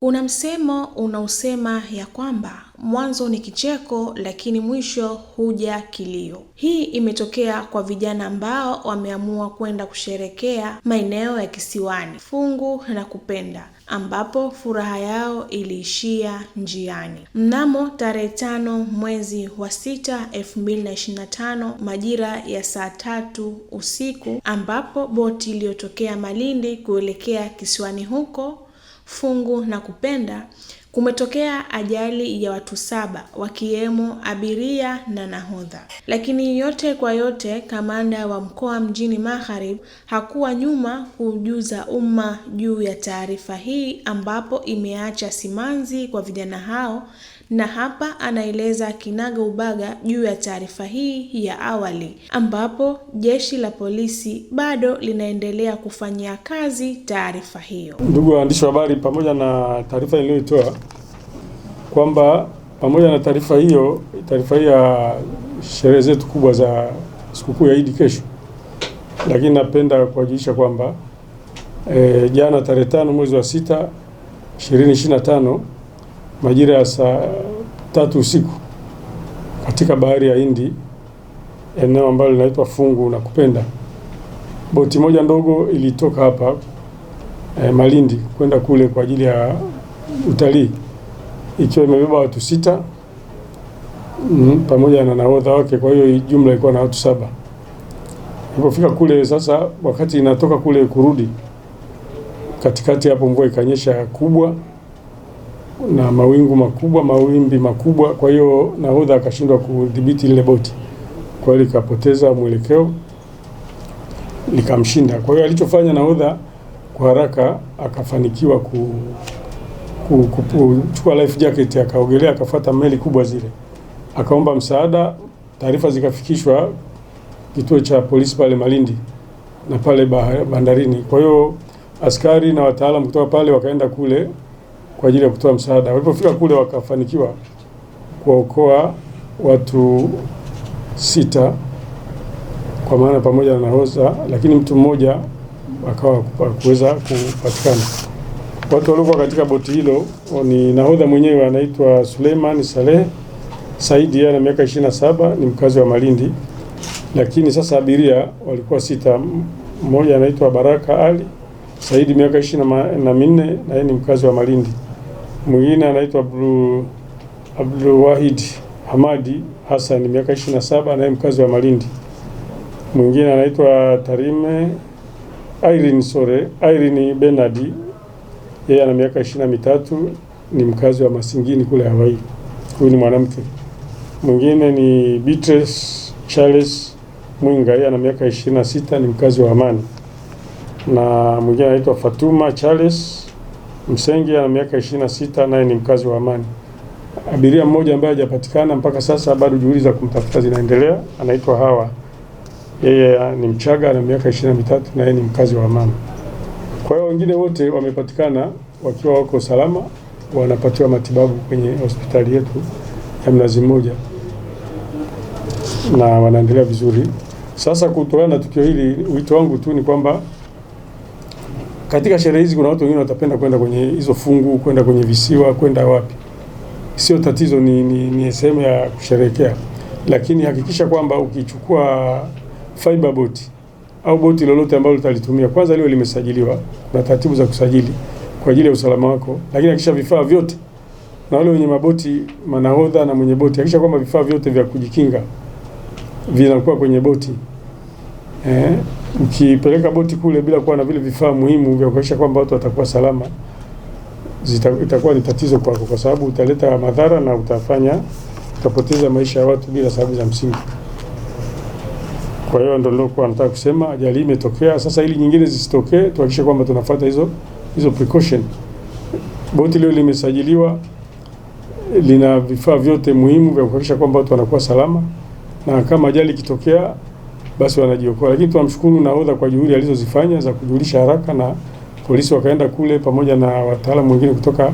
kuna msemo unaosema ya kwamba mwanzo ni kicheko lakini mwisho huja kilio. Hii imetokea kwa vijana ambao wameamua kwenda kusherekea maeneo ya kisiwani Fungu na Kupenda ambapo furaha yao iliishia njiani. Mnamo tarehe tano mwezi wa sita elfu mbili na ishirini na tano majira ya saa tatu usiku ambapo boti iliyotokea Malindi kuelekea kisiwani huko fungu na kupenda, kumetokea ajali ya watu saba wakiwemo abiria na nahodha. Lakini yote kwa yote, kamanda wa mkoa mjini Magharibi hakuwa nyuma kujuza umma juu ya taarifa hii, ambapo imeacha simanzi kwa vijana hao na hapa anaeleza kinaga ubaga juu ya taarifa hii ya awali, ambapo jeshi la polisi bado linaendelea kufanyia kazi taarifa hiyo. Ndugu waandishi wa habari, pamoja na taarifa niliyoitoa kwamba pamoja na taarifa hiyo, taarifa hiyo ya sherehe zetu kubwa za sikukuu ya Idi kesho, lakini napenda kuwajulisha kwamba e, jana tarehe tano mwezi wa sita majira ya saa tatu usiku katika bahari ya Hindi, eneo ambalo linaitwa Fungu na Kupenda, boti moja ndogo ilitoka hapa eh, Malindi kwenda kule kwa ajili ya utalii ikiwa imebeba watu sita mm, pamoja na nahodha wake. Kwa hiyo jumla ilikuwa na watu saba. Ilipofika kule sasa, wakati inatoka kule kurudi, katikati hapo mvua ikanyesha kubwa na mawingu makubwa, mawimbi makubwa, kwa hiyo nahodha akashindwa kudhibiti lile boti, kwa hiyo likapoteza mwelekeo likamshinda. Kwa hiyo alichofanya nahodha kwa haraka akafanikiwa ku kuchukua life jacket akaogelea, akafuata meli kubwa zile, akaomba msaada. Taarifa zikafikishwa kituo cha polisi pale Malindi na pale bandarini. Kwa hiyo askari na wataalamu kutoka pale wakaenda kule kwa ajili ya kutoa msaada. Walipofika kule, wakafanikiwa kuwaokoa watu sita, kwa maana pamoja na nahodha, lakini mtu mmoja akawa kuweza kupatikana. Watu waliokuwa katika boti hilo ni nahodha mwenyewe anaitwa Suleiman Saleh Saidi, yeye ana miaka 27, ni mkazi wa Malindi, lakini sasa abiria walikuwa sita. Mmoja anaitwa Baraka Ali Saidi, miaka ishirini na minne, na yeye ni mkazi wa Malindi. Mwingine anaitwa Wahid Hamadi Hassan miaka 27, naye mkazi wa Malindi. Mwingine anaitwa Tarime Irene Sore Irene Benadi, yeye ana miaka ishirini na mitatu, ni mkazi wa Masingini kule Hawaii. Huyu ni mwanamke. Mwingine ni Beatrice Charles Mwinga, yeye ana miaka ishirini na sita, ni mkazi wa Amani, na mwingine anaitwa Fatuma Charles Msenge ana miaka 26 naye ni mkazi wa Amani. Abiria mmoja ambaye hajapatikana mpaka sasa, bado juhudi za kumtafuta zinaendelea, anaitwa Hawa. Yeye ah, ni Mchaga, ana miaka 23 naye ni mkazi wa Amani. Kwa hiyo wengine wote wamepatikana wakiwa wako salama, wanapatiwa matibabu kwenye hospitali yetu ya Mnazi Mmoja na wanaendelea vizuri. Sasa, kutokana na tukio hili, wito wangu tu ni kwamba katika sherehe hizi kuna watu wengine watapenda kwenda kwenye hizo fungu, kwenda kwenye visiwa, kwenda wapi, sio tatizo, ni, ni, ni sehemu ya kusherekea, lakini hakikisha kwamba ukichukua fiber boat au boti lolote ambalo utalitumia, kwanza liwe limesajiliwa, na taratibu za kusajili kwa ajili ya usalama wako, lakini hakikisha vifaa vyote na wale wenye maboti manahodha na mwenye boti hakikisha kwamba vifaa vyote vya kujikinga vinakuwa kwenye boti eh ukipeleka boti kule bila kuwa na vile vifaa muhimu vya kuhakikisha kwamba watu watakuwa salama zita, itakuwa ni tatizo kwako, kwa sababu utaleta madhara na utafanya utapoteza maisha ya watu bila sababu za msingi. Kwa hiyo ndio nilokuwa nataka kusema, ajali imetokea sasa, ili nyingine zisitokee, tuhakikishe kwamba tunafuata hizo hizo precaution. Boti leo limesajiliwa, lina vifaa vyote muhimu vya kuhakikisha kwamba watu wanakuwa salama, na kama ajali ikitokea basi wanajiokoa. Lakini tunamshukuru nahodha kwa juhudi alizozifanya za kujulisha haraka, na polisi wakaenda kule pamoja na wataalamu wengine kutoka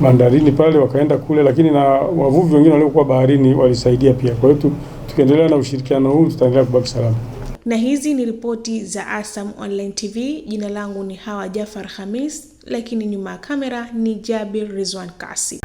bandarini pale wakaenda kule, lakini na wavuvi wengine waliokuwa baharini walisaidia pia. Kwa hiyo tukiendelea na ushirikiano huu tutaendelea kubaki salama. Na hizi ni ripoti za ASAM Online TV. Jina langu ni Hawa Jafar Hamis, lakini nyuma ya kamera ni Jabir Rizwan Kasi.